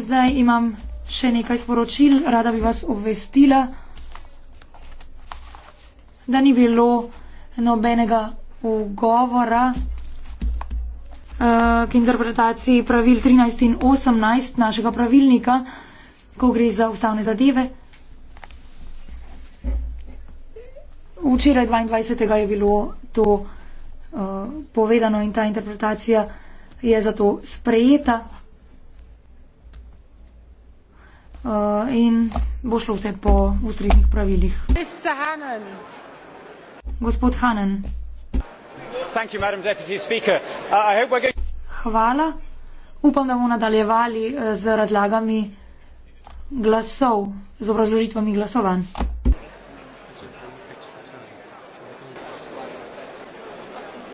Zdaj imam še nekaj sporočil, rada bi vas obvestila, da ni bilo nobenega ugovora eh, k interpretaciji pravil 13 in 18 našega pravilnika, ko gre za ustavne zadeve. Včeraj 22. je bilo to eh, povedano in ta interpretacija vsega je zato sprejeta eh, in bo šlo vse po ustreznih pravilih. Gospod Hanen. Uh, Hvala. Upam, da bomo nadaljevali eh, z razlagami glasov, z obrazložitvami glasovanj.